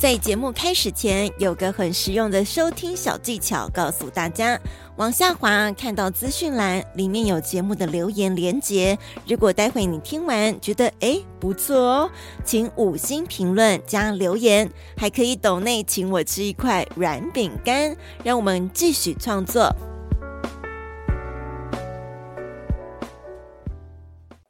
在節目開始前，有個很實用的收聽小技巧，告訴大家：往下滑，看到資訊欄，裡面有節目的留言連結。如果待會你聽完覺得誒不錯哦，請五星評論加留言，還可以抖內請我吃一塊軟餅乾，讓我們繼續創作。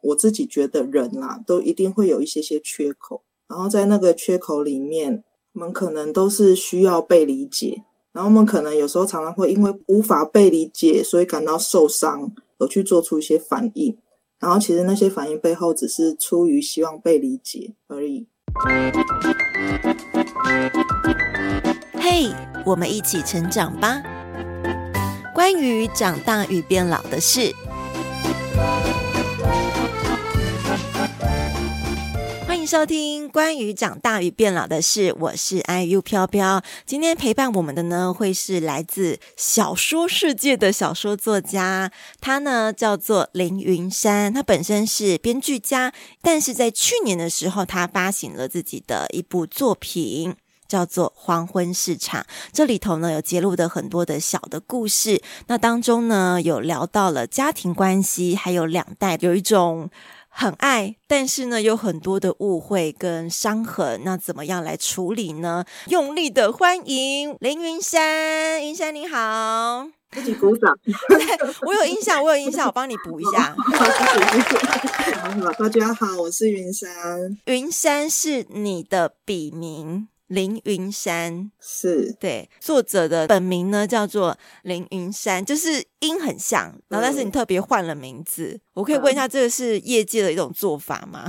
我自己覺得人啦、啊，都一定會有一些些缺口，然後在那個缺口裡面。我們可能都是需要被理解，然後我們可能有時候常常會因為無法被理解，所以感到受傷，而去做出一些反應，然後其實那些反應背後只是出於希望被理解而已。嘿，hey, 我們一起成長吧，關於長大與變老的事。收聽關於長大與變老的事，我是 IU 飄飄。今天陪伴我們的呢，會是來自小說世界的小說作家，他呢叫做凌雲杉。他本身是編劇家，但是在去年的時候，他發行了自己的一部作品，叫做《黃昏市場》。這裡頭呢，有揭露的很多的小的故事。那當中呢，有聊到了家庭關係，還有兩代有一種。很愛，但是呢，有很多的誤會跟傷痕，那怎麼樣來處理呢？用力的歡迎凌雲杉，雲杉你好，自己鼓掌。 對，我有印象，我有印象， 我幫你補一下 好好好好好好好。大家好，我是雲杉，雲杉是你的筆名。凌雲杉是對，作者的本名呢，叫做林昀姍，就是音很像，對然後但是你特別換了名字，嗯、我可以問一下，這個是業界的一種做法嗎？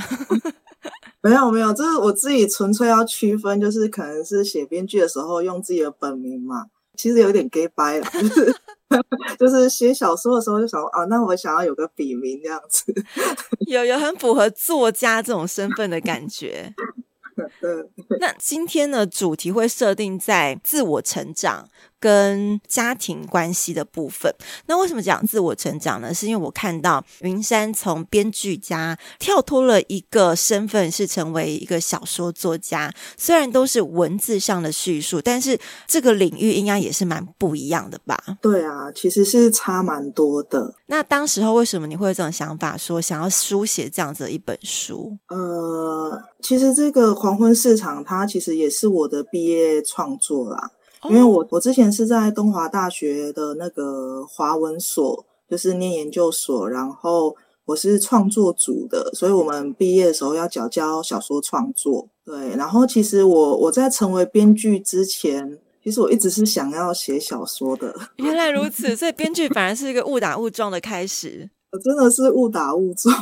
沒有沒有，這是我自己純粹要區分，就是可能是寫編劇的時候用自己的本名嘛，其實有點 gay 掰了，就是 就是寫小說的時候就想啊，那我想要有個筆名那樣子， 有有很符合作家這種身份的感覺。 那今天呢，主題會設定在自我成長，跟家庭關係的部分，那為什麼講自我成長呢？是因為我看到雲杉從編劇家跳脫了一個身份，是成為一個小說作家。雖然都是文字上的敘述，但是這個領域應該也是蠻不一樣的吧？對啊，其實是差蠻多的。那當時候為什麼你會有這種想法說，說想要書寫這樣子的一本書？呃，其實這個《黃昏市場》它其實也是我的畢業創作啦、啊。因為我我之前是在東華大學的那個華文所，就是念研究所，然後我是創作組的，所以我們畢業的時候要繳交小說創作。對，然後其實我我在成為編劇之前，其實我一直是想要寫小說的。原來如此，所以編劇反而是一個誤打誤撞的開始。我 真的是誤打誤撞。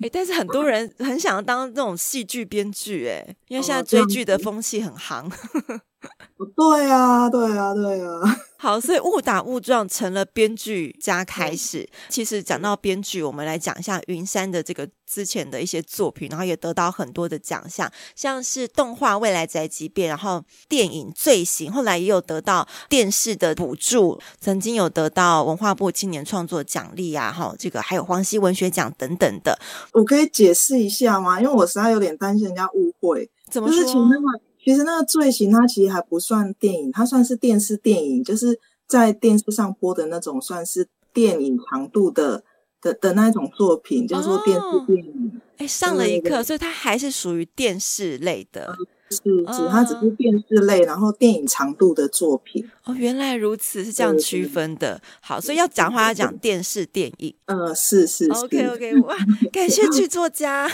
哎、欸，但是很多人很想當這種戲劇編劇，哎，因為現在追劇的風氣很夯。 對啊，對啊，對啊。好，所以誤打誤撞成了編劇家開始。嗯、其實講到編劇，我們來講一下雲杉的這個之前的一些作品，然後也得到很多的獎項，像是動畫《未來宅急便》，然後電影《罪行》，後來也有得到電視的補助，曾經有得到文化部青年創作獎勵啊，哈，這個還有磺溪文學獎等等的。我可以解釋一下嗎？因為我實在有點擔心人家誤會。怎麼說？就是前其實那個罪行，它其實還不算電影，它算是電視電影，就是在電視上播的那種，算是電影長度的的的那一種作品，叫做電視電影。哎，哦，欸，上了一課，嗯，所以它還是屬於電視類的。嗯是指它只，只是電視類，然後電影長度的作品哦，原來如此，是這樣區分的。對好，所以要講話要講電視電影，嗯、呃，是是，OK OK，哇， 感謝劇作家，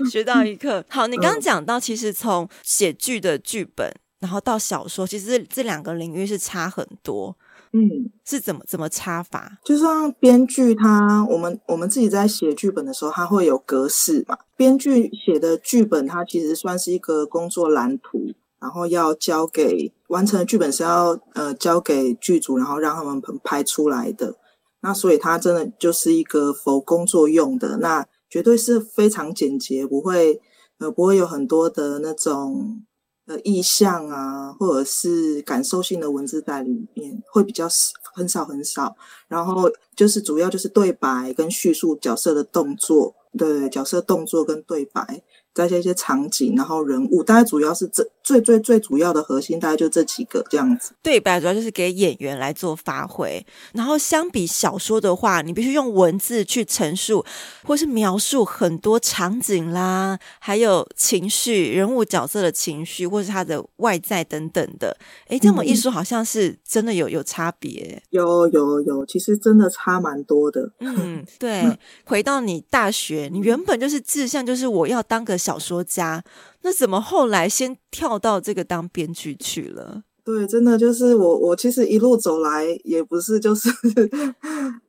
學到一課。好，你剛剛講到，其實從寫劇的劇本，然後到小說，其實這兩個領域是差很多。嗯，是怎麼怎麼插法？就是讓編劇他，我們我們自己在寫劇本的時候，它會有格式嘛？編劇寫的劇本，它其實算是一個工作藍圖，然後要交給完成的劇本是要呃交給劇組，然後讓他們拍出來的。那所以它真的就是一個 for 工作用的，那絕對是非常簡潔，不會呃不會有很多的那種。的、呃、意象啊，或者是感受性的文字在裡面會比較少，很少很少。然後就是主要就是對白跟敘述角色的動作，對，對角色動作跟對白，再加一些場景，然後人物，大概主要是這。最最最主要的核心大概就這幾個這樣子，對吧，主要就是給演員來做發揮。然後相比小說的話，你必須用文字去陳述或是描述很多場景啦，還有情緒、人物角色的情緒或是他的外在等等的。哎、欸，這麼一說，好像是真的有、嗯、有差別，有有有，其實真的差蠻多的。嗯，對，回到你大學，你原本就是志向，就是我要當個小說家。那怎麼後來先跳到這個當編劇去了？對，真的就是我，我其實一路走來也不是，就是，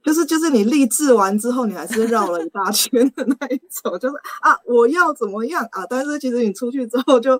就是，就是你立志完之後，你還是繞了一大圈的那一種， 就是啊，我要怎麼樣啊？但是其實你出去之後就，就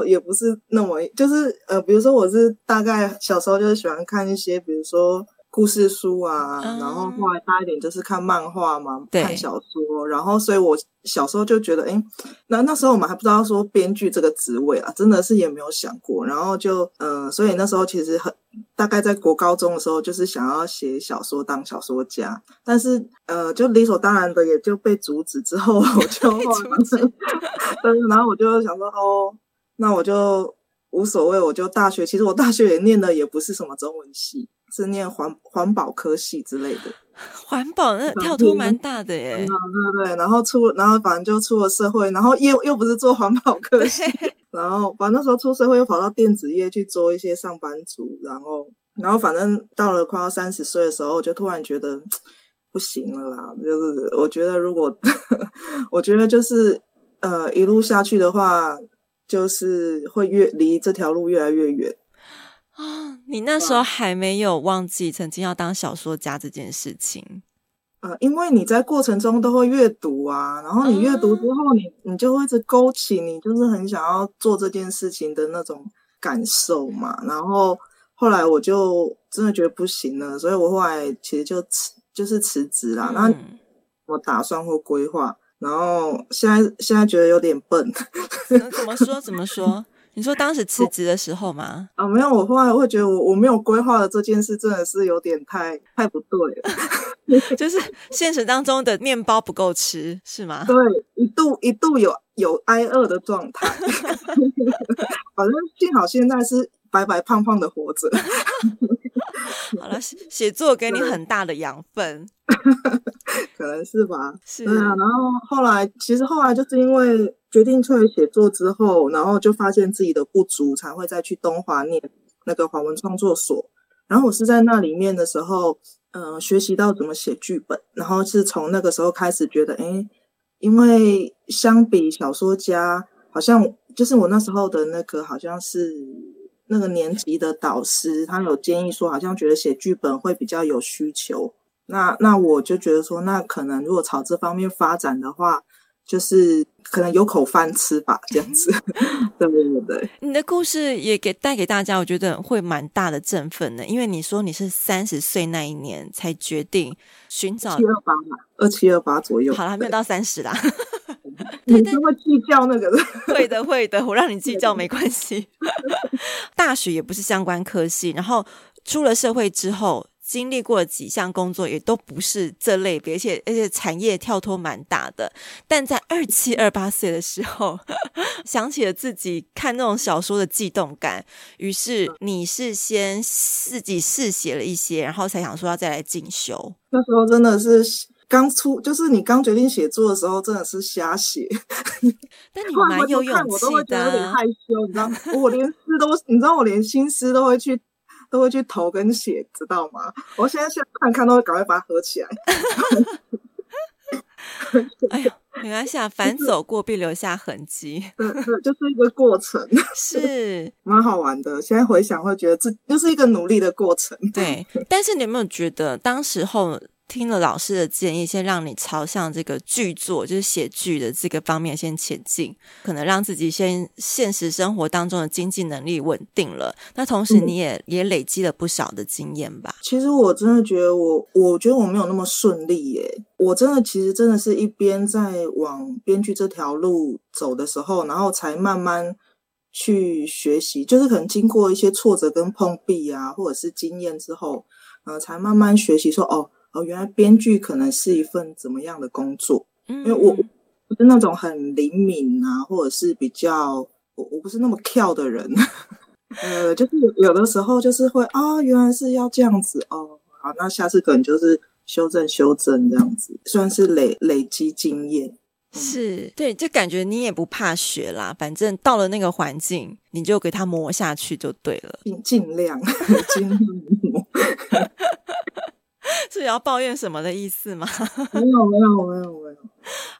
就也不是那麼，就是呃，比如說我是大概小時候就喜歡看一些，比如說。故事書啊，um, 然後後來大一點就是看漫畫嘛，對看小說，然後所以我小時候就覺得，誒，那那時候我們還不知道說編劇這個職位啊，真的是也沒有想過，然後就，呃，所以那時候其實很，大概在國高中的時候，就是想要寫小說當小說家，但是，呃，就理所當然的也就被阻止之後，我就，但是 止 然後我就想說，哦，那我就無所謂，我就大學，其實我大學也念的也不是什麼中文系。是念環環保科系之類的，環保、呃、跳脫蠻大的耶。嗯嗯、對對對，然後出然後反正就出了社會，然後又又不是做環保科系，對然後反正那時候出社會又跑到電子業去做一些上班族，然後然後反正到了快要三十歲的時候，就突然覺得不行了啦。就是我覺得如果呵呵我覺得就是呃一路下去的話，就是會越離這條路越來越遠。你那時候還沒有忘記曾經要當小說家這件事情？呃，因為你在過程中都會閱讀啊，然後你閱讀之後你，你、嗯、你就會一直勾起你就是很想要做這件事情的那種感受嘛。然後後來我就真的覺得不行了，所以我後來其實就辭就是辭職了。那、嗯、我打算會規劃，然後現在現在覺得有點笨，怎麼說怎麼說。 你說當時辭職的時候嗎啊？啊，沒有，我後來會覺得我我沒有規劃的這件事真的是有點太太不對了， 就是現實當中的面包不夠吃是嗎？對，一度一度有有挨餓的狀態， 反正幸好現在是白白胖胖的活着。 好了，寫作給你很大的養分， 可能是吧？是對啊，然後後來其實後來就是因為。決定出來寫作之後，然後就發現自己的不足，才會再去東華念那個華文創作所。然後我是在那裡面的時候，嗯、呃，學習到怎麼寫劇本。然後是從那個時候開始覺得，哎、欸，因為相比小說家，好像就是我那時候的那個好像是那個年級的導師，他有建議說，好像覺得寫劇本會比較有需求。那那我就覺得說，那可能如果朝這方面發展的話。就是可能有口飯吃吧，這樣子， 對不對？你的故事也給帶給大家，我覺得會蠻大的振奮的，因為你說你是三十歲那一年才決定尋找二七二八嘛，二七二八左右，嗯、好了，還沒有到三十啦。對 你會計較那個？會的，會 的，的，我讓你計較的沒關係。 大學也不是相關科系，然後出了社會之後。經歷過幾項工作，也都不是這類別，而且而且產業跳脫蠻大的。但在二七二八歲的時候，想起了自己看那種小說的悸動感，於是你是先自己試寫了一些，然後才想說要再來進修。那時候真的是剛出，就是你剛決定寫作的時候，真的是瞎寫。 但你蠻有勇氣的。害羞，你知道，我連詩都，你知道，我連心思都會去。都會去投跟寫，知道嗎？我現在現在看，看都會趕快把它合起來。 哎呀，沒關係，啊，凡走過必留下痕跡，就是，對，就是一個過程， 是，是蠻好玩的。現在回想，會覺得這就是一個努力的過程。對，但是你有沒有覺得當時候？聽了老師的建議，先讓你朝向這個劇作，就是寫劇的這個方面先前進，可能讓自己先現實生活當中的經濟能力穩定了。那同時，你也、嗯、也累積了不少的經驗吧？其實我真的覺得我，我我覺得我沒有那麼順利耶。我真的其實真的是一邊在往編劇這條路走的時候，然後才慢慢去學習，就是可能經過一些挫折跟碰壁啊，或者是經驗之後，呃，才慢慢學習說哦。哦，原來編劇可能是一份怎麼樣的工作？嗯、因為我，我不是那種很靈敏啊，或者是比較我我不是那麼跳的人， 呃，就是有的時候就是會啊、哦，原來是要這樣子哦，好，那下次可能就是修正修正這樣子，算是累累積經驗，嗯、是對，就感覺你也不怕學啦，反正到了那個環境，你就給他磨下去就對了，盡，盡量 盡量 是要抱怨什麼的意思嗎？沒有，沒有，沒有，沒有。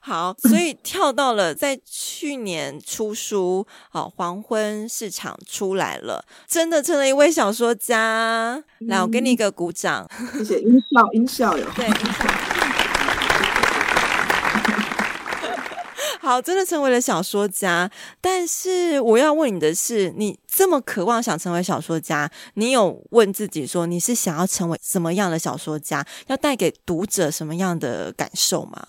好，所以跳到了在去年出書，好，哦，黃昏市場出來了，真的成了一位小說家。嗯、來，我給你一個鼓掌，謝謝，音效，音效有，對。音效好，真的成為了小說家，但是我要問你的是，你這麼渴望想成為小說家，你有問自己說你是想要成為什麼樣的小說家，要帶給讀者什麼樣的感受嗎？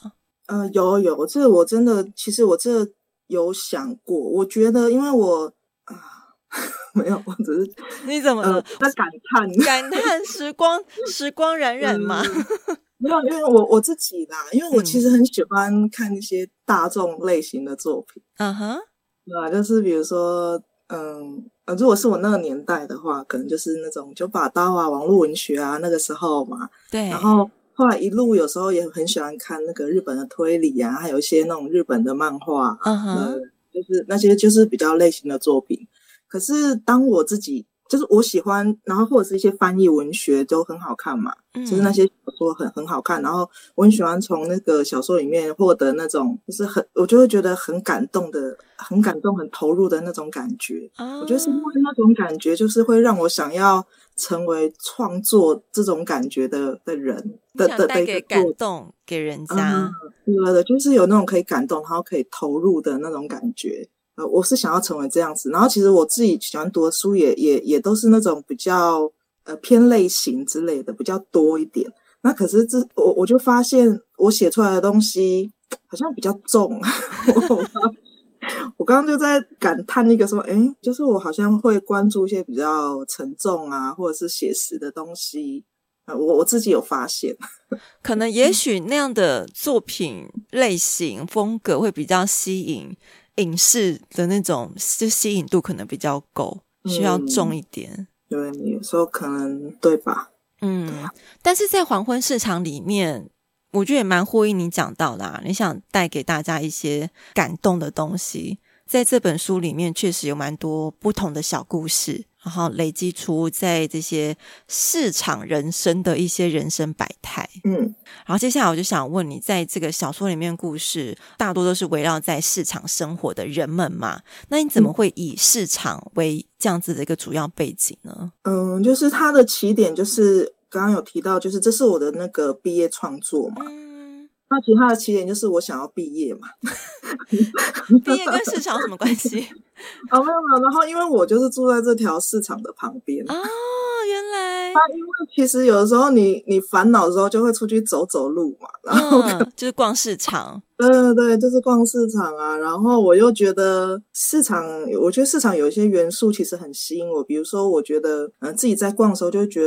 嗯、呃，有有，這我真的，其實我這有想過，我覺得，因為我啊、呃，沒有，我只是、呃、你怎麼在感嘆感嘆時光，時光荏苒嗎？嗯沒有，因為我我自己啦，因為我其實很喜歡看一些大眾類型的作品。嗯哼，對吧，就是比如說，嗯，呃，如果是我那個年代的話，可能就是那種九把刀啊、網絡文學啊，那個時候嘛。對。然後後來一路，有時候也很喜歡看那個日本的推理啊，還有一些那種日本的漫畫、啊。嗯哼、嗯。就是那些就是比較類型的作品，可是當我自己。就是我喜歡，然後或者是一些翻譯文學都很好看嘛，嗯、就是那些小說很很好看，然後我很喜歡從那個小說裡面獲得那種，就是很我就會覺得很感動的，很感動、很投入的那種感覺。嗯、我覺得是因為那種感覺，就是會讓我想要成為創作這種感覺的的人，的的的想帶給感動給人家。嗯、對的，就是有那種可以感動，然後可以投入的那種感覺。我是想要成為這樣子，然後其實我自己喜歡讀的書也，也也也都是那種比較呃偏類型之類的比較多一點。那可是這我我就發現我寫出來的東西好像比較重， 我，我剛剛就在感嘆那個說誒，就是我好像會關注一些比較沉重啊，或者是寫實的東西啊，呃，我我自己有發現，可能也許那樣的作品類型 風格會比較吸引。影視的那種就吸引度可能比較夠，需要重一點。嗯、對，你有時候可能對吧？嗯。對但是在黃昏市場裡面，我覺得也蠻呼應你講到的、啊，你想帶給大家一些感動的東西。在這本書裡面，確實有蠻多不同的小故事，然後累積出在這些市場人生的一些人生百態。嗯，然後接下來我就想問你，在這個小說裡面，故事大多都是圍繞在市場生活的人們嘛？那你怎麼會以市場為這樣子的一個主要背景呢？嗯，就是它的起點就是剛剛有提到，就是這是我的那個畢業創作嘛。嗯那其他的起點就是我想要畢業嘛，畢業跟市場有什麼關係？ 哦，沒有沒有。然後因為我就是住在這條市場的旁邊啊、哦，原來。啊，因為其實有的時候你你煩惱的時候就會出去走走路嘛，然後、嗯、就是逛市場。對對對，就是逛市場啊。然後我又覺得市場，我覺得市場有一些元素其實很吸引我，比如說我覺得嗯、呃、自己在逛的時候就會覺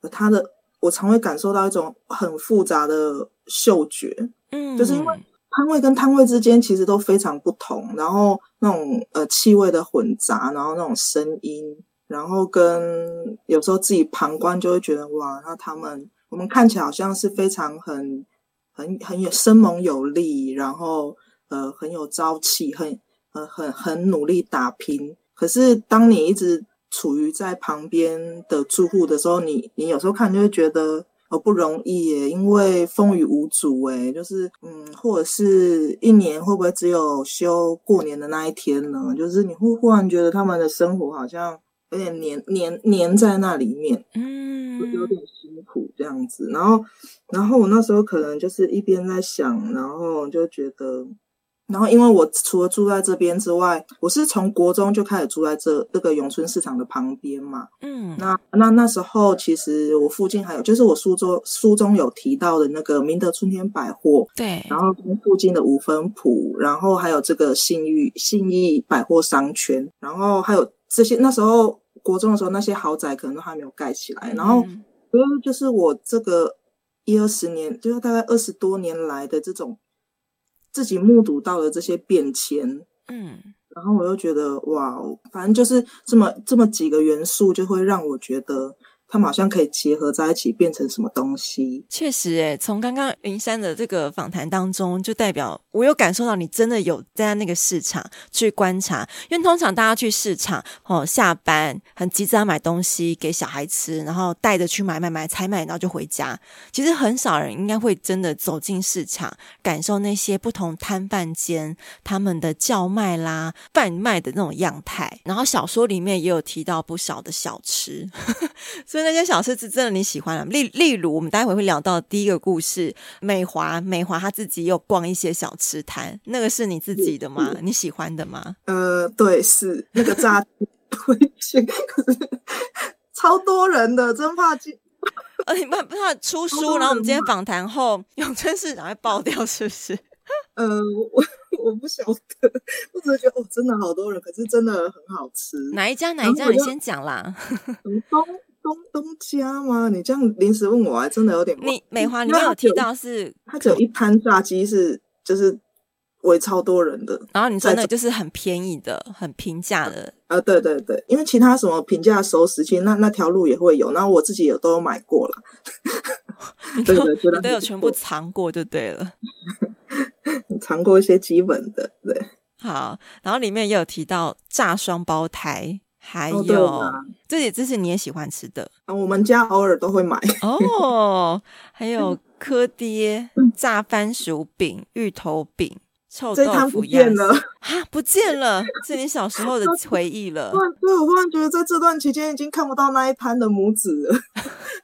得他的。我常會感受到一種很複雜的嗅覺，嗯，就是因為攤位跟攤位之間其實都非常不同，然後那種呃氣味的混雜，然後那種聲音，然後跟有時候自己旁觀就會覺得哇，那他們我們看起來好像是非常很很很有生猛有力，然後呃很有朝氣，很很很，很努力打拼，可是當你一直。處於在旁邊的住戶的時候，你你有時候看就會覺得哦、oh, 不容易耶，因為風雨無阻哎，就是嗯，或者是一年會不會只有休過年的那一天呢？就是你會忽然覺得他們的生活好像有點黏黏黏在那裡面，嗯，就有點辛苦這樣子。然後然後我那時候可能就是一邊在想，然後就覺得。然後，因為我除了住在這邊之外，我是從國中就開始住在這這個永春市場的旁邊嘛。嗯，那那那時候，其實我附近還有，就是我書中書中有提到的那個明德春天百貨。對。然後，附近的五分埔，然後還有這個信義信義百貨商圈，然後還有這些。那時候國中的時候，那些豪宅可能都還沒有蓋起來。嗯、然後，所以就是我這個一二十年，就是大概二十多年來的這種。自己目睹到的這些變遷，嗯，然後我又覺得，哇，反正就是這麼這麼幾個元素，就會讓我覺得。他馬上可以結合在一起，變成什麼東西？確實，欸，哎，從剛剛昀姍的這個訪談當中，就代表我有感受到你真的有在那個市場去觀察。因為通常大家去市場，哦，下班很急着要買東西給小孩吃，然後帶着去買買買採買，然後就回家。其實很少人應該會真的走進市場，感受那些不同攤販間他們的叫賣啦、販賣的那種樣態。然後小說裡面也有提到不少的小吃。呵呵所以那些小吃是真的你喜歡了？例例如我們待會會聊到，第一個故事，美華，美華他自己有逛一些小吃攤，那個是你自己的嗎？嗯、你喜歡的嗎？呃，對，是那個炸雞， 超多人的，真怕、哦、你不怕出書？然後我們今天訪談後，永春市場會爆掉是不是？呃，我我不曉得，我只是覺得哦，真的好多人，可是真的很好吃。哪一家？哪一家？你先講啦，什麼東 東東家嗎？你這樣臨時問我，還真的有點你美……你美華，你有提到是？他只有一攤炸雞是，就是圍超多人的。然後你真的就是很便宜的，很平價的。啊，對，對對對，因為其他什麼平價熟食區，那那條路也會有。然後我自己也都有都買過了，你都 都，都有全部嘗過就對了。嘗 過一些基本的，對。好，然後裡面也有提到炸雙胞胎。還有，這些都是你也喜歡吃的。我們家偶爾都會買哦。還有，蚵嗲炸番薯餅、芋頭餅、臭豆腐，不見了哈，不見了，是你小時候的回憶了。對，我忽然覺得在這段期間已經看不到那一攤的母子了。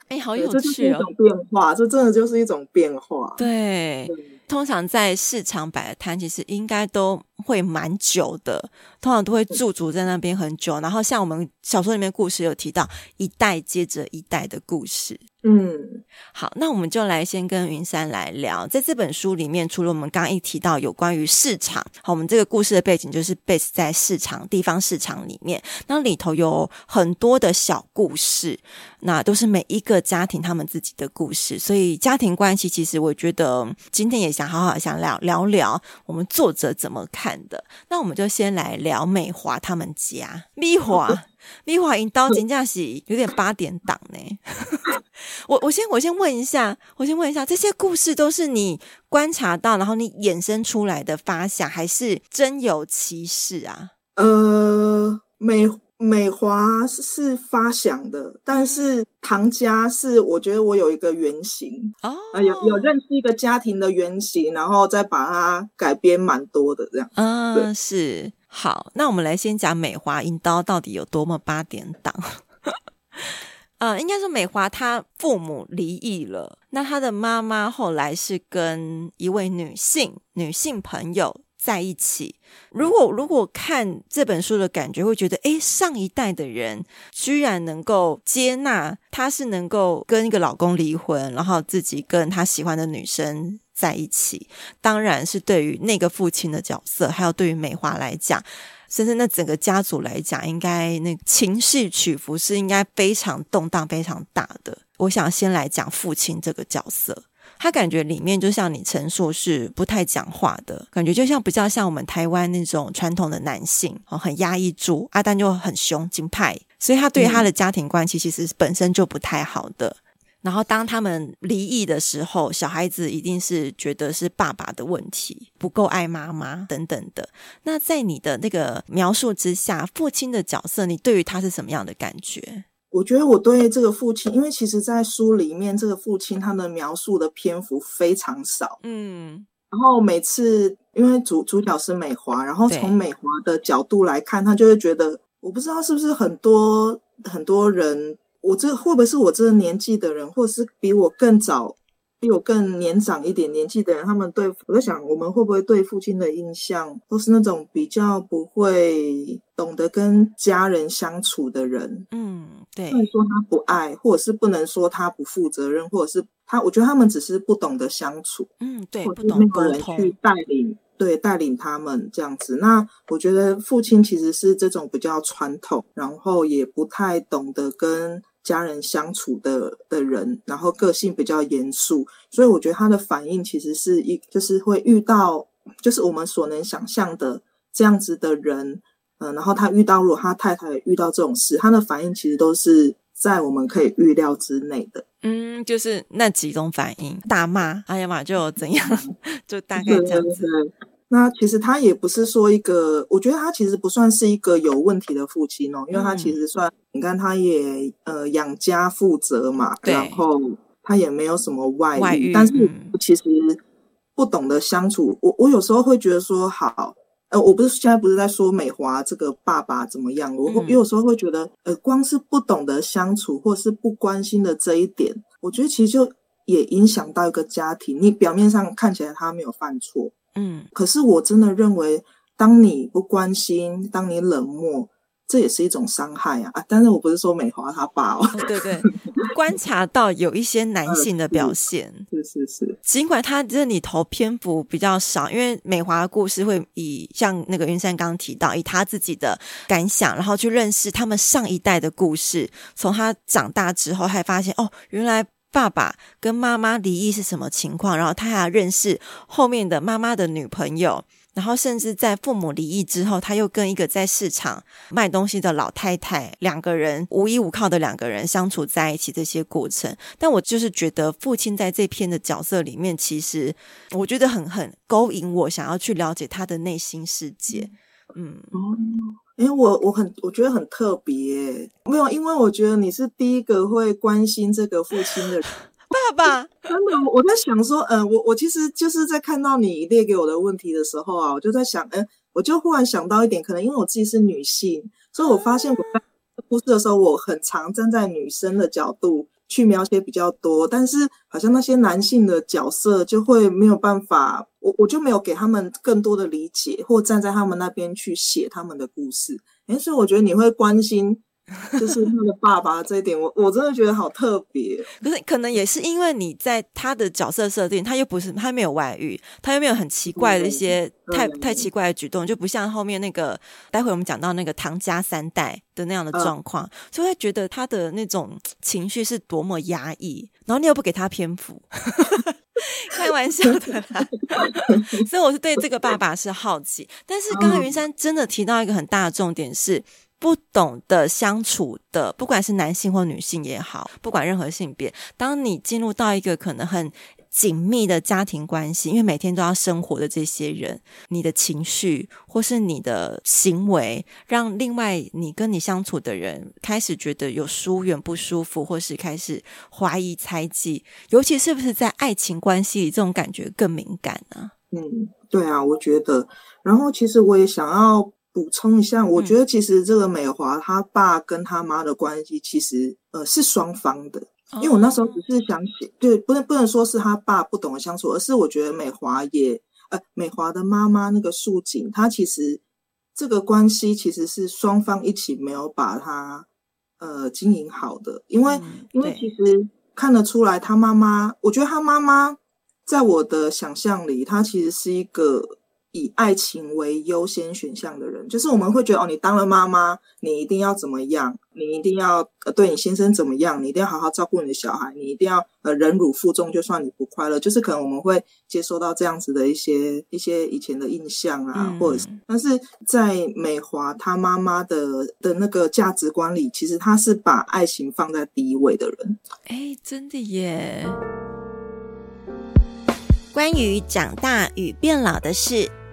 哎，好有趣哦，變化，這真的就是一種變化。對，通常在市場擺的攤，其實應該都會蠻久的。通常都會駐足在那邊很久，然後像我們小說裡面故事有提到一代接着一代的故事。嗯，好，那我們就來先跟雲杉來聊，在這本書裡面，除了我們剛剛一提到有關於市場，好，我們這個故事的背景就是 base 在市場地方市場裡面，那裡頭有很多的小故事，那都是每一個家庭他們自己的故事，所以家庭關係其實我覺得今天也想好好想聊聊聊我們作者怎麼看的，那我們就先來聊。聊美華他們家，美華，美華，真的是有點八點檔呢、欸。 我我先我先問一下，我先問一下，這些故事都是你觀察到，然後你衍生出來的發想，還是真有其事啊？呃，美美華是，是發想的，但是唐家是，我覺得我有一個原型哦，啊、有有認識一個家庭的原型，然後再把它改編蠻多的這樣。嗯，對是。好，那我們來先講美華一刀到底有多麼八點檔。 呃，應該說，美華她父母離異了，那她的媽媽後來是跟一位女性女性朋友在一起。如果如果看這本書的感覺，會覺得哎，上一代的人居然能夠接納，她是能夠跟一個老公離婚，然後自己跟她喜歡的女生在一起，當然是對於那個父親的角色，還有對於美華來講，甚至那整個家族來講，應該那情緒起伏是應該非常動盪、非常大的。我想先來講父親這個角色，他感覺裡面就像你陳述是不太講話的感覺，就像比較像我們台灣那種傳統的男性，哦，很壓抑住。阿丹就很兇，驚派，所以他對於他的家庭關係、嗯、其實本身就不太好的。然後當他們離異的時候，小孩子一定是覺得是爸爸的問題，不夠愛媽媽等等的。那在你的那個描述之下，父親的角色，你對於他是什麼樣的感覺？我覺得我對這個父親，因為其實在書裡面，這個父親他的描述的篇幅非常少。嗯，然後每次因為主主角是美華，然後從美華的角度來看，他就會覺得，我不知道是不是很多很多人，我這會不會是我這個年紀的人，或是比我更早、比我更年長一點年紀的人？他們對，我在想，我們會不會對父親的印象都是那種比較不會懂得跟家人相處的人？嗯，對。不能說他不愛，或者是不能說他不負責任，或者是他，我覺得他們只是不懂得相處。嗯，對。不懂溝通。沒有人去帶領，同對，帶領他們這樣子。那我覺得父親其實是這種比較傳統，然後也不太懂得跟。家人相處的的人，然後個性比較嚴肅，所以我覺得他的反應其實是一，就是會遇到，就是我們所能想象的這樣子的人，嗯、呃，然後他遇到，如果他太太遇到這種事，他的反應其實都是在我們可以預料之內的，嗯，就是那幾種反應，大罵，哎呀嘛，就怎樣， 就大概這樣子。對對對。那其實他也不是說一個，我覺得他其實不算是一個有問題的父親哦，因為他其實算，嗯、你看他也呃養家負責嘛，對然後他也沒有什麼外遇，外遇但是其實不懂得相處，嗯、我我有時候會覺得說好，呃，我不是現在不是在說美華這個爸爸怎麼樣，我會有時候會覺得，嗯、呃，光是不懂得相處或是不關心的這一點，我覺得其實就也影響到一個家庭，你表面上看起來他沒有犯錯。嗯，可是我真的認為，當你不關心，當你冷漠，這也是一種傷害啊！啊，但是我不是說美華他爸、喔、 哦。對對，觀察到有一些男性的表現。是是、呃、是。儘管他這裡頭篇幅比較少，因為美華的故事會以像那個雲杉剛剛提到，以他自己的感想，然後去認識他們上一代的故事。從他長大之後，還發現哦，原來。爸爸跟媽媽離異是什麼情況？然後他還要認識後面的媽媽的女朋友，然後甚至在父母離異之後，他又跟一個在市場賣東西的老太太，兩個人無依無靠的兩個人相處在一起，這些過程。但我就是覺得父親在這篇的角色裡面，其實我覺得很很勾引我，想要去了解他的內心世界。嗯，因為、嗯、我我很我覺得很特別。沒有，因為我覺得你是第一個會關心這個父親的人，爸爸、嗯。真的，我在想說，嗯、呃，我我其實就是在看到你列給我的問題的時候啊，我就在想，嗯、呃，我就忽然想到一點，可能因為我自己是女性，所以我發現我在故事的時候，我很常站在女生的角度去描寫比較多，但是好像那些男性的角色就會沒有辦法，我我就沒有給他們更多的理解，或站在他們那邊去寫他們的故事。誒，所以我覺得你會關心。 就是他的爸爸這一點我，我我真的覺得好特別。可是可能也是因為你在他的角色設定，他又不是他沒有外遇，他又沒有很奇怪的一些太太奇怪的舉動，就不像後面那個待會我們講到那個《唐家三代》的那樣的狀況，呃、所以他覺得他的那種情緒是多麼壓抑。然後你又不給他篇幅， 開玩笑的啦。 所以我是對這個爸爸是好奇，對但是剛才雲杉真的提到一個很大的重點是。不懂得相處的，不管是男性或女性也好，不管任何性別，當你進入到一個可能很緊密的家庭關係，因為每天都要生活的這些人，你的情緒或是你的行為，讓另外你跟你相處的人開始覺得有疏遠、不舒服，或是開始懷疑、猜忌，尤其是不是在愛情關係裡，這種感覺更敏感呢、啊？嗯，對啊，我覺得。然後，其實我也想要。補充一下，我覺得其實這個美華、嗯、他爸跟他媽的關係，其實呃是雙方的，因為我那時候只是想寫，嗯、對，不能不能說是他爸不懂得相處，而是我覺得美華也，呃、美華的媽媽那個素錦，她其實這個關係其實是雙方一起沒有把她呃經營好的，因為、嗯、因為其實看得出來，他媽媽，我覺得他媽媽在我的想象裡，她其實是一個。以愛情為優先選項的人，就是我們會覺得哦，你當了媽媽，你一定要怎麼樣？你一定要呃對你先生怎麼樣？你一定要好好照顧你的小孩，你一定要呃忍辱負重，就算你不快樂，就是可能我們會接受到這樣子的一些一些以前的印象啊，嗯、或者是，但是在美華她媽媽的的那個價值觀裡，其實她是把愛情放在第一位的人。哎、欸，真的耶！關於長大與變老的事。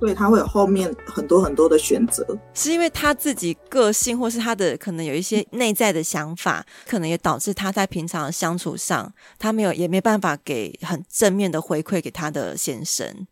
對，他會有後面很多很多的選擇，是因為他自己個性，或是他的可能有一些內在的想法，可能也導致他在平常的相處上，他沒有也沒辦法給很正面的回饋給他的先生。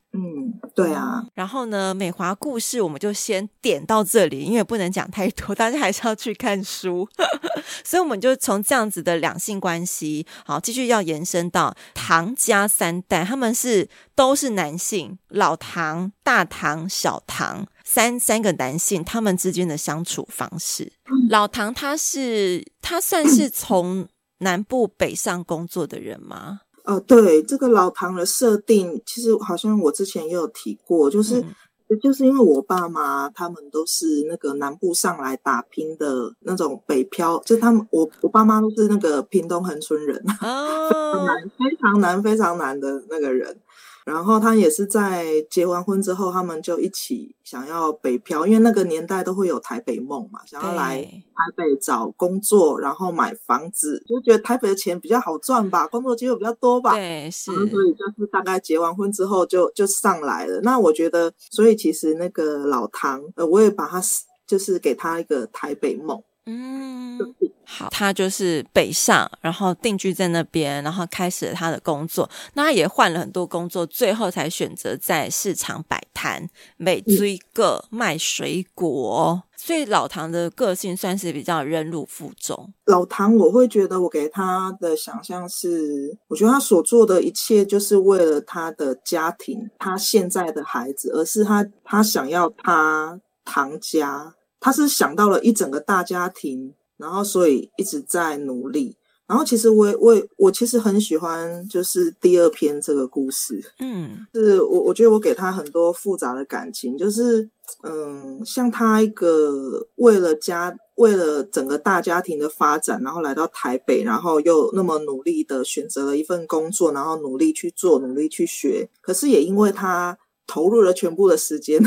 對啊，然後呢，美華故事我們就先點到這裡，因為不能講太多，大家還是要去看書。 所以我們就從這樣子的兩性關係，好，繼續要延伸到唐家三代，他們是都是男性，老唐、大唐、小唐三三個男性，他們之間的相處方式。嗯、老唐他是他算是從南部北上工作的人嗎？哦，對，這個老唐的設定，其實好像我之前也有提過，就是，嗯、就是因為我爸媽他們都是那個南部上來打拼的那種北漂，就他們我我爸媽都是那個屏東恆春人，難、oh. 非常難非常難，非常難的那個人。然後他也是在結完婚之後，他們就一起想要北漂，因為那個年代都會有台北夢嘛，想要來台北找工作，對然後買房子，就覺得台北的錢比較好賺吧，工作機會比較多吧，對，是，嗯，所以就是大概結完婚之後就就上來了。那我覺得，所以其實那個老唐，呃，我也把他就是給他一個台北夢，嗯。對好，他就是北上，然後定居在那邊，然後開始了他的工作。那他也換了很多工作，最後才選擇在市場擺攤，每追個賣水果。所以老唐的個性算是比較忍辱負重。老唐，我會覺得我給他的想象是，我覺得他所做的一切就是為了他的家庭，他現在的孩子，而是他他想要他唐家，他是想到了一整個大家庭。然後，所以一直在努力。然後，其實我也，我也，我其實很喜歡，就是第二篇這個故事。嗯，是我，我覺得我給他很多複雜的感情，就是，嗯、呃，像他一個為了家，為了整個大家庭的發展，然後來到台北，然後又那麼努力的選擇了一份工作，然後努力去做，努力去學。可是也因為他投入了全部的時間。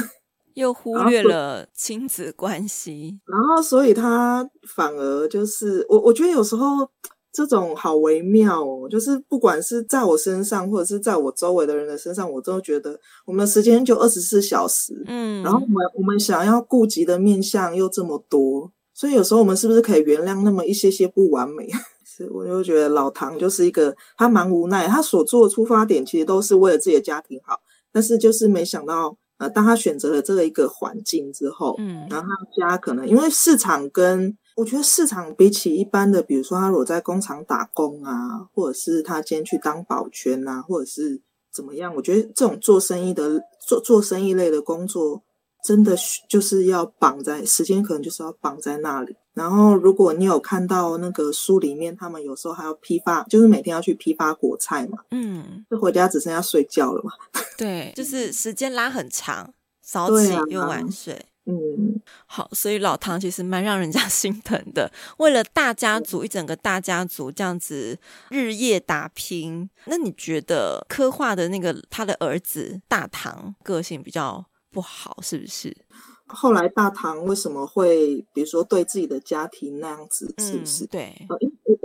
又忽略了親子關係，然後所以他反而就是我，我覺得有時候這種好微妙哦，就是不管是在我身上，或者是在我周圍的人的身上，我都覺得我們的時間就二十四小時，嗯，然後我們我們想要顧及的面向又這麼多，所以有時候我們是不是可以原諒那麼一些些不完美？ 所以我就覺得老唐就是一個他蠻無奈，他所做的出發點其實都是為了自己的家庭好，但是就是沒想到。呃，當他選擇了這個一個環境之後，嗯，然後他家可能因為市場跟，我覺得市場比起一般的，比如說他如果在工廠打工啊，或者是他今天去當保全啊，或者是怎麼樣，我覺得這種做生意的做做生意類的工作，真的就是要綁在，時間可能就是要綁在那裡。然後，如果你有看到那個書裡面，他們有時候還要批發，就是每天要去批發果菜嘛，嗯，就回家只剩下睡覺了嘛。對， 就是時間拉很長，早起又晚睡，啊。嗯，好，所以老唐其實蠻讓人家心疼的，為了大家族對一整個大家族這樣子日夜打拼。那你覺得，刻畫的那個他的兒子大唐，個性比較不好，是不是？後來大唐為什麼會，比如說對自己的家庭那樣子，是不是？嗯、對，我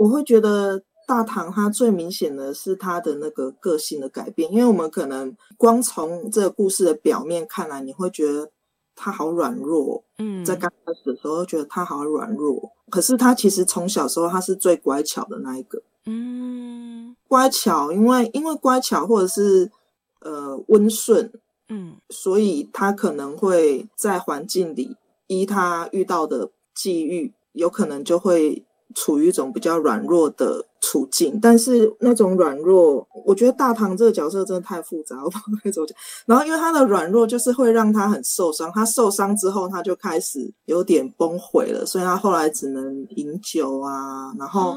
我會覺得大唐他最明顯的是他的那個個性的改變，因為我們可能光從這個故事的表面看來，你會覺得他好軟弱，嗯，在剛開始的時候覺得他好軟弱，可是他其實從小時候他是最乖巧的那一個，嗯，乖巧，因為因為乖巧或者是呃溫順。嗯，所以他可能會在環境裡依他遇到的際遇，有可能就會處於一種比較軟弱的處境。但是那種軟弱，我覺得大唐這個角色真的太複雜，我不好講。然後因為他的軟弱，就是會讓他很受傷。他受傷之後，他就開始有點崩毀了，所以他後來只能飲酒啊，然後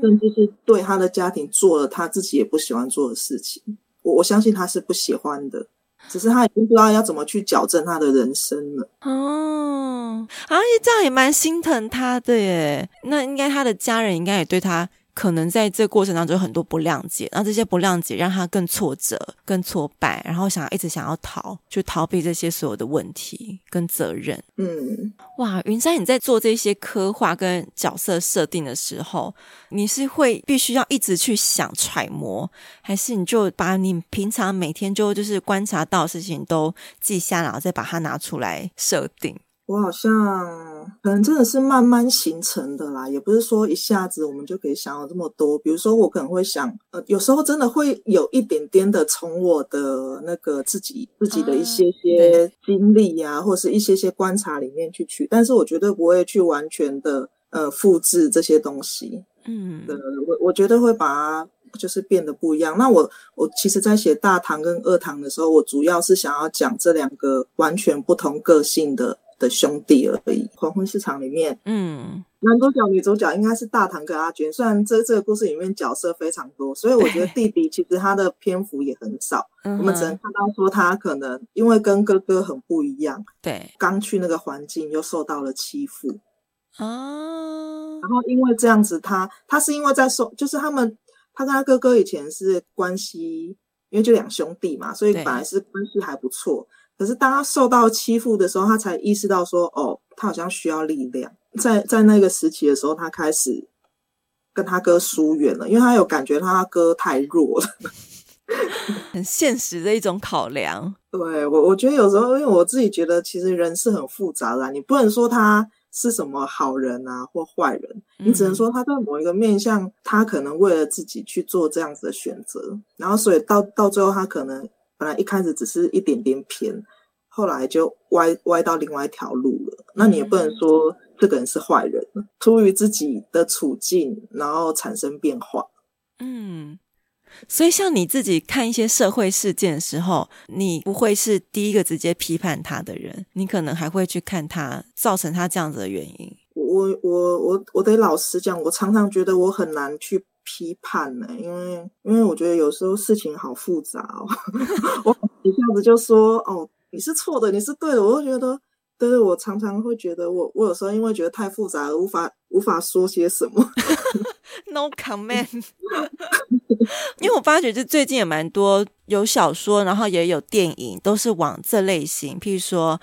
甚至是對他的家庭做了他自己也不喜歡做的事情。我我相信他是不喜歡的。只是他已經不知道要怎麼去矯正他的人生了。哦，好像這樣也蠻心疼他的耶。那應該他的家人應該也對他。可能在這過程當中有很多不諒解，那這些不諒解讓他更挫折、更挫敗，然後想要一直想要逃，就逃避這些所有的問題跟責任。嗯，哇，雲山，你在做這些刻畫跟角色設定的時候，你是會必須要一直去想揣摩，還是你就把你平常每天就就是觀察到的事情都記下，然後再把它拿出來設定？我好像可能真的是慢慢形成的啦，也不是說一下子我們就可以想到這麼多。比如說，我可能會想，呃，有時候真的會有一點點的從我的那個自己自己的一些些，啊，這些經歷呀，啊，或者是一些些觀察裡面去取，但是我絕對不會去完全的呃複製這些東西。嗯，對我我覺得會把它就是變得不一樣。那我我其實，在寫大唐跟二唐的時候，我主要是想要講這兩個完全不同個性的。的兄弟而已。黃昏市場裡面，嗯，男主角、女主角應該是大唐跟阿娟。雖然這這個故事裡面角色非常多，所以我覺得弟弟其實他的篇幅也很少。對我們只能看到說他可能因為跟哥哥很不一樣，對，剛去那個環境又受到了欺負啊。嗯、然後因為這樣子他，他他是因為在受，就是他們他跟他哥哥以前是關係，因為就兩兄弟嘛，所以本來是關係還不錯。可是當他受到欺負的時候，他才意識到說：“哦，他好像需要力量。”在在那個時期的時候，他開始跟他哥疏遠了，因為他有感覺他哥太弱了， 很現實的一種考量。對，我，我覺得有時候，因為我自己覺得，其實人是很複雜的啊，你不能說他是什麼好人啊或壞人，嗯，你只能說他在某一個面向，他可能為了自己去做這樣子的選擇，然後所以到到最後，他可能。本來一開始只是一點點偏，後來就歪歪到另外一條路了。那你也不能說這個人是壞人，出於自己的處境，然後產生變化。嗯，所以像你自己看一些社會事件的時候，你不會是第一個直接批判他的人，你可能還會去看他，造成他這樣子的原因。我我我我我得老實講，我常常覺得我很難去。批判呢，欸？因為因為我覺得有時候事情好複雜哦， 我一下子就說哦，你是錯的，你是對的，我就覺得，但是我常常會覺得我，我我有時候因為覺得太複雜了，無法無法說些什麼。 No comment。 因為我發覺就最近也蠻多有小說，然後也有電影，都是往這類型，譬如說。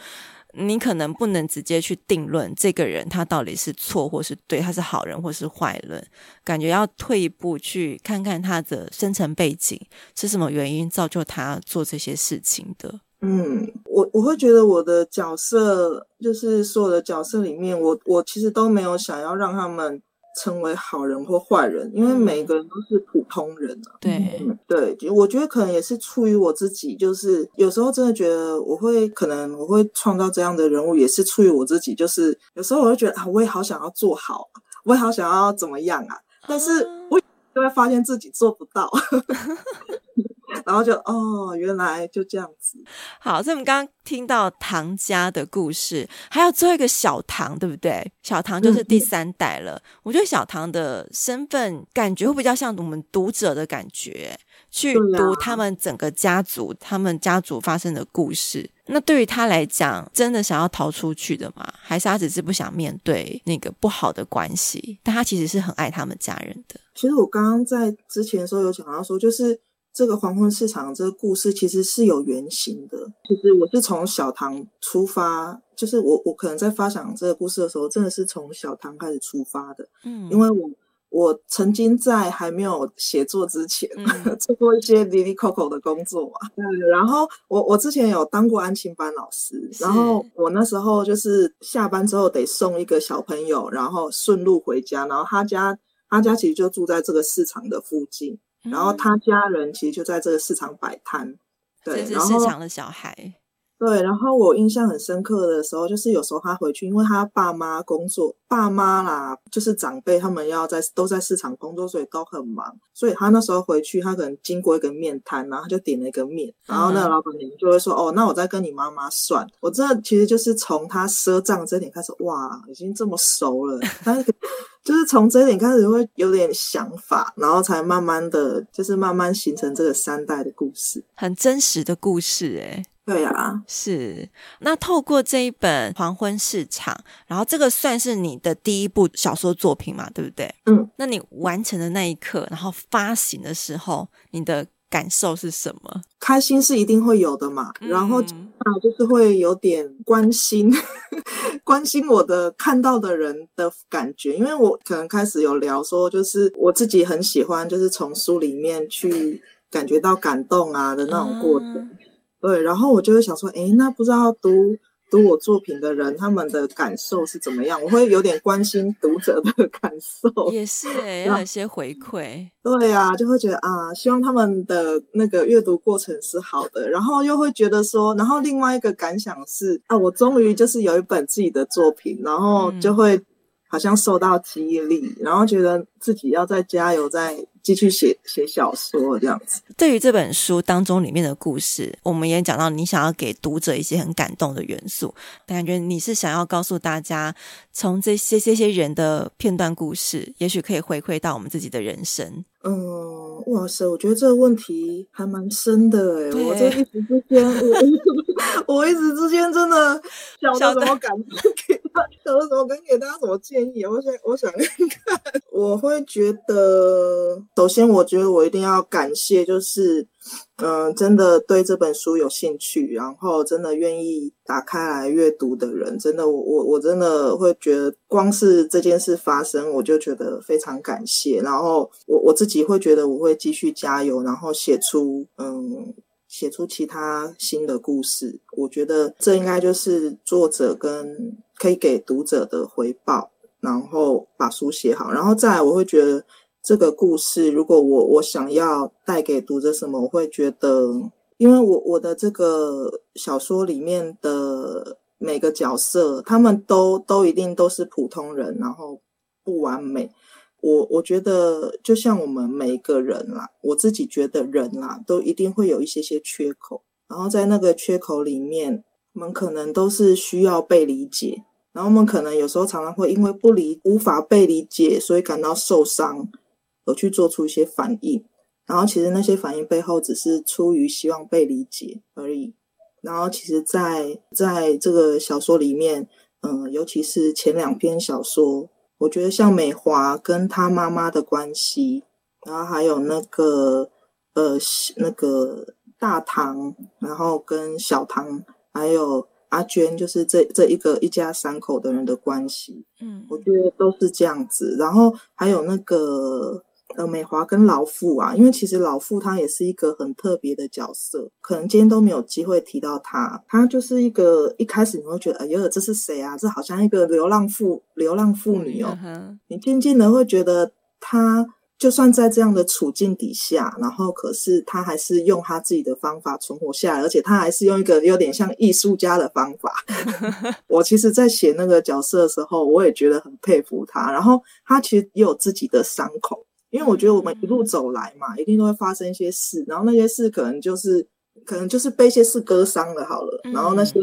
你可能不能直接去定論這個人，他到底是錯或是對，他是好人或是壞人，感覺要退一步去看看他的深層背景是什麼原因造就他做這些事情的。嗯，我我會覺得我的角色，就是所有的角色裡面，我我其實都沒有想要讓他們。成為好人或壞人，因為每個人都是普通人啊。嗯、對、嗯、對，我覺得可能也是出於我自己，就是有時候真的覺得我會可能我會創造這樣的人物，也是出於我自己，就是有時候我會覺得啊，我也好想要做好，我也好想要怎麼樣啊，但是我，嗯就會發現自己做不到， 然後就哦，原來就這樣子。好，所以我們剛剛聽到唐家的故事，還有最後一個小唐，對不對？小唐就是第三代了。嗯、哩我覺得小唐的身份感覺會比較像我們讀者的感覺，去讀他們整個家族，啊、他們家族發生的故事。那對於他來講，真的想要逃出去的嗎？還是他只是不想面對那個不好的關係？但他其實是很愛他們家人的。其實我剛剛在之前的時候有想到說，就是這個黃昏市場這個故事其實是有原型的。其實我是從小唐出發，就是我我可能在發想這個故事的時候，真的是從小唐開始出發的。嗯，因為我。我曾經在還沒有寫作之前、嗯、做過一些 Lily Coco 的工作嘛，對，然後我我之前有當過安親班老師，是然後我那時候就是下班之後得送一個小朋友，然後順路回家，然後他家他家其實就住在這個市場的附近，然後他家人其實就在這個市場擺攤，嗯、對，然後。這對，然後我印象很深刻的時候，就是有時候他回去，因為他爸媽工作，爸媽啦，就是長輩他們要在都在市場工作，所以都很忙。所以他那時候回去，他可能經過一個麵攤，然後他就點了一個麵，然後那個老闆娘就會說：“嗯、哦，那我再跟你媽媽算。”我真的其實就是從他賒賬這一點開始，哇，已經這麼熟了。但是 就是從這一點開始會有點想法，然後才慢慢的就是慢慢形成這個三代的故事，很真實的故事、欸，哎。對啊，是那透過這一本《黃昏市場》，然後這個算是你的第一部小說作品嘛，對不對？嗯，那你完成的那一刻，然後發行的時候，你的感受是什麼？開心是一定會有的嘛，嗯、然後啊，就是會有點關心關心我的看到的人的感覺，因為我可能開始有聊說，就是我自己很喜歡，就是從書裡面去感覺到感動啊的那種過程。嗯對，然後我就會想說，哎，那不知道讀讀我作品的人，他們的感受是怎麼樣？我會有點關心讀者的感受，也是也有一些回饋。對啊，就會覺得啊、呃，希望他們的那個閱讀過程是好的，然後又會覺得說，然後另外一個感想是，啊，我終於就是有一本自己的作品，然後就會好像受到激勵，然後覺得自己要再加油，再。繼續寫寫小說這樣子。對於這本書當中裡面的故事，我們也講到你想要給讀者一些很感動的元素，但感覺你是想要告訴大家，從這些這些人的片段故事，也許可以回饋到我們自己的人生。嗯、呃，哇塞，我覺得這個問題還蠻深的哎，對我在一直之間我。 我一直之間真的想什麼感謝給他，想什麼感給大家什麼建議，我想，我想看看。我會覺得，首先，我覺得我一定要感謝，就是，嗯，真的對這本書有興趣，然後真的願意打開來閱讀的人，真的我，我我我真的會覺得，光是這件事發生，我就覺得非常感謝。然後我，我我自己會覺得，我會繼續加油，然後寫出，嗯。寫出其他新的故事，我覺得這應該就是作者跟可以給讀者的回報，然後把書寫好，然後再來我會覺得這個故事，如果我我想要帶給讀者什麼，我會覺得，因為我我的這個小說裡面的每個角色，他們都都一定都是普通人，然後不完美。我我覺得，就像我們每一個人啦，我自己覺得人啦，都一定會有一些些缺口。然後在那個缺口裡面，我們可能都是需要被理解。然後我們可能有時候常常會因為不理、無法被理解，所以感到受傷，而去做出一些反應。然後其實那些反應背後，只是出於希望被理解而已。然後其實在，在在這個小說裡面，嗯、呃，尤其是前兩篇小說。我覺得像美華跟她媽媽的關係，然後還有那個呃那個大唐，然後跟小唐，還有阿娟，就是這這一個一家三口的人的關係，嗯，我覺得都是這樣子。然後還有那個。呃，美華跟老婦啊，因為其實老婦她也是一個很特別的角色，可能今天都沒有機會提到她。她就是一個一開始你會覺得，哎呦，這是誰啊？這好像一個流浪婦、流浪婦女哦、喔。你漸漸的會覺得他，她就算在這樣的處境底下，然後可是她還是用她自己的方法存活下來，而且她還是用一個有點像藝術家的方法。 我其實，在寫那個角色的時候，我也覺得很佩服她。然後她其實也有自己的傷口。因為我覺得我們一路走來嘛，嗯、一定都會發生一些事，然後那些事可能就是，可能就是被一些事割傷了，好了，嗯、然後那些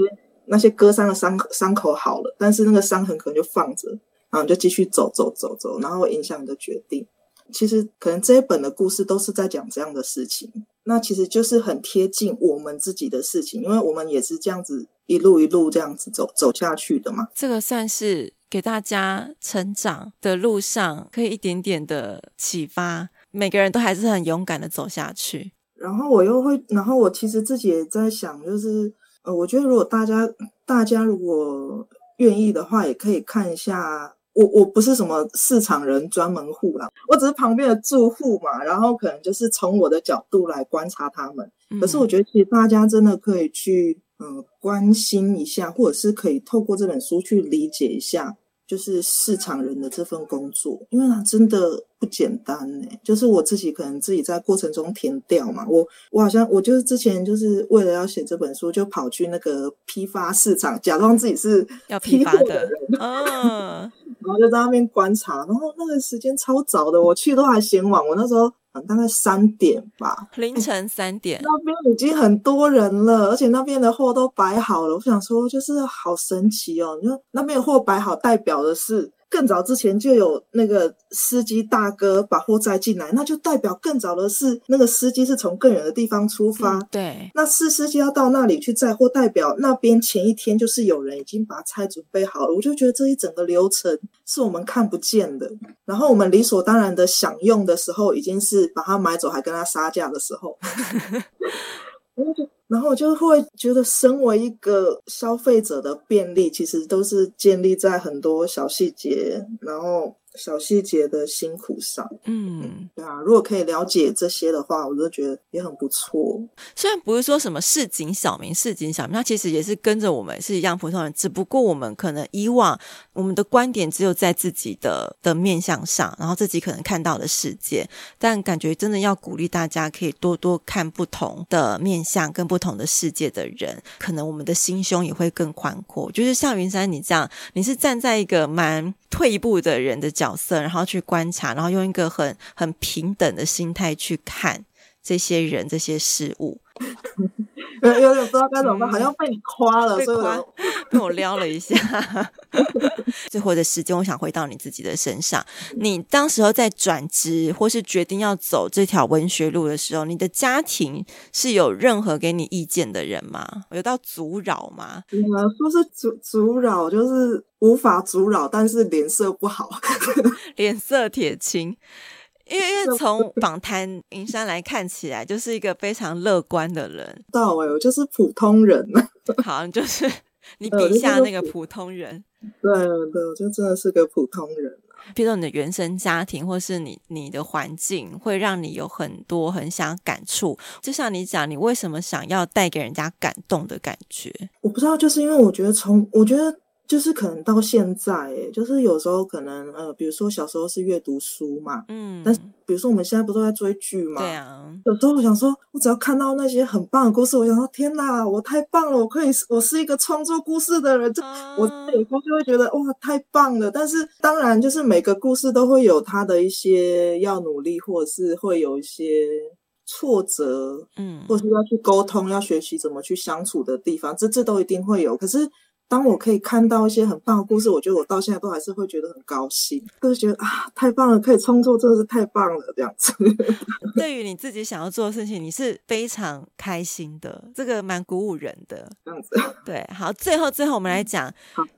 那些割傷的傷傷口好了，但是那個傷痕可能就放着，然後你就繼續走走走走，然後會影響你的決定。其實可能這一本的故事都是在講這樣的事情，那其實就是很貼近我們自己的事情，因為我們也是這樣子一路一路這樣子走走下去的嘛。這個算是。給大家成長的路上，可以一點點的啟發。每個人都還是很勇敢的走下去。然後我又會，然後我其實自己也在想，就是呃，我覺得如果大家大家如果願意的話，也可以看一下。我我不是什麼市場人，專門戶啦，我只是旁邊的住戶嘛。然後可能就是從我的角度來觀察他們。嗯。可是我覺得，其實大家真的可以去，呃，關心一下，或者是可以透過這本書去理解一下。就是市場人的這份工作，因為它真的不簡單呢、欸。就是我自己可能自己在過程中田調嘛。我我好像我就是之前就是為了要寫這本書，就跑去那個批發市場，假裝自己是批要批發的人，嗯、然後就在那邊觀察。然後那個時間超早的，我去都還嫌晚。我那時候。啊、大概三點吧，凌晨三點，欸、那邊已經很多人了，而且那邊的貨都擺好了。我想說，就是好神奇哦！你說那邊貨擺好，代表的是。更早之前就有那個司機大哥把貨載進來，那就代表更早的是那個司機是從更遠的地方出發。嗯、對，那是司機要到那裡去載貨，代表那邊前一天就是有人已經把菜準備好了。我就覺得這一整個流程是我們看不見的，然後我們理所當然的享用的時候，已經是把他買走還跟他殺價的時候。 然後我就會覺得，身為一個消費者的便利，其實都是建立在很多小細節，然後。小細節的辛苦上，嗯，對啊，如果可以了解這些的話，我就覺得也很不錯。雖然不是說什麼市井小民，市井小民，他其實也是跟着我們是一樣普通人，只不過我們可能以往我們的觀點只有在自己的的面向上，然後自己可能看到的世界，但感覺真的要鼓勵大家可以多多看不同的面向跟不同的世界的人，可能我們的心胸也會更寬闊。就是像雲杉你這樣，你是站在一個蠻。退一步的人的角色，然後去觀察，然後用一個很很平等的心態去看。這些人、這些事物， 有點不知道該怎麼辦，好像被你誇了，嗯、誇，所以我 被我撩了一下。 最後的時間，我想回到你自己的身上。你當時候在轉職或是決定要走這條文學路的時候，你的家庭是有任何給你意見的人嗎？有到阻擾嗎？不能、嗯、說是阻阻擾，就是無法阻擾，但是臉色不好， 臉色鐵青。 因為因為從訪談昀姍來看起來，就是一個非常樂觀的人。對，我就是普通人。 好，就是你筆下那個普通人。對對，我就真的是個普通人啊。譬如說，你的原生家庭，或是你你的環境，會讓你有很多很想感觸。就像你講，你為什麼想要帶給人家感動的感覺？我不知道，就是因為我覺得從，從我覺得。就是可能到現在、欸，就是有時候可能，呃，比如說小時候是閱讀書嘛，嗯，但是比如說我們現在不都在追劇嘛，對啊，有時候我想說，我只要看到那些很棒的故事，我想說天哪，我太棒了！我可以，我是一個創作故事的人，這我有時候就會覺得哇，太棒了。但是當然，就是每個故事都會有它的一些要努力，或者是會有一些挫折，嗯，或者是要去溝通，要學習怎麼去相處的地方，這這都一定會有。可是。當我可以看到一些很棒的故事，我覺得我到現在都還是會覺得很高興，都覺得啊，太棒了，可以創作，真的是太棒了，這樣子。 對於你自己想要做的事情，你是非常開心的，這個蠻鼓舞人的，這樣子。對，好，最後最後我們來講，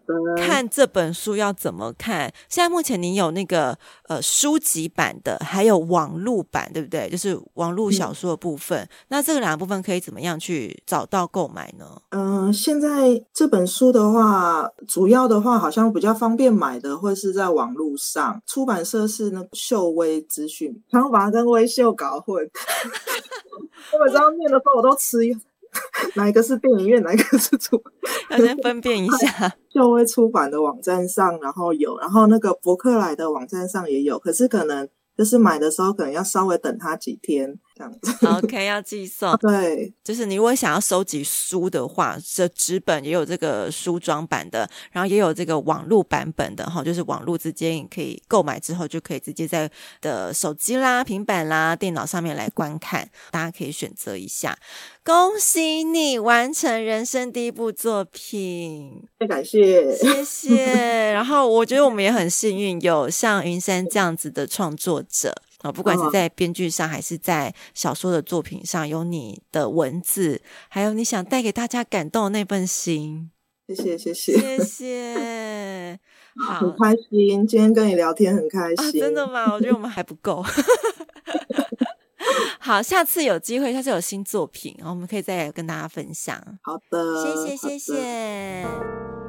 的看這本書要怎麼看？現在目前你有那個呃書籍版的，還有網絡版，對不對？就是網絡小說的部分，嗯、那這個兩個部分可以怎麼樣去找到購買呢？嗯、呃，現在這本書的。的話，主要的話好像比較方便買的會是在網路上，出版社是那個秀威資訊，常把他跟威秀搞混。者我每面的話我都吃，哪一個是電影院，哪一個是出， 要先分辨一下。 秀威出版的網站上，然後有，然後那個博客來的網站上也有，可是可能就是買的時候可能要稍微等他幾天。這樣子，OK，要寄送。 對，就是你如果想要收集書的話，這紙本也有這個書裝版的，然後也有這個網絡版本的哈，就是網絡之間你可以購買之後，就可以直接在的手機啦、平板啦、電腦上面來觀看， 大家可以選擇一下。恭喜你完成人生第一部作品，太感謝，謝謝。 然後我覺得我們也很幸運，有像雲杉這樣子的創作者。啊、哦，不管是在編劇上，還是在小說的作品上，嗯、有你的文字，還有你想帶給大家感動的那份心。謝謝，謝謝，謝謝。好，很開心今天跟你聊天，很開心、哦。真的嗎？我覺得我們還不夠。 好，下次有機會，下次有新作品，我們可以再跟大家分享。好的，謝謝，謝謝。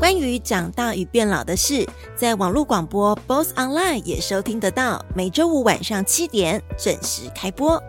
關於長大與變老的事，在網絡廣播 Boss Online 也收聽得到，每周五晚上七點準時開播。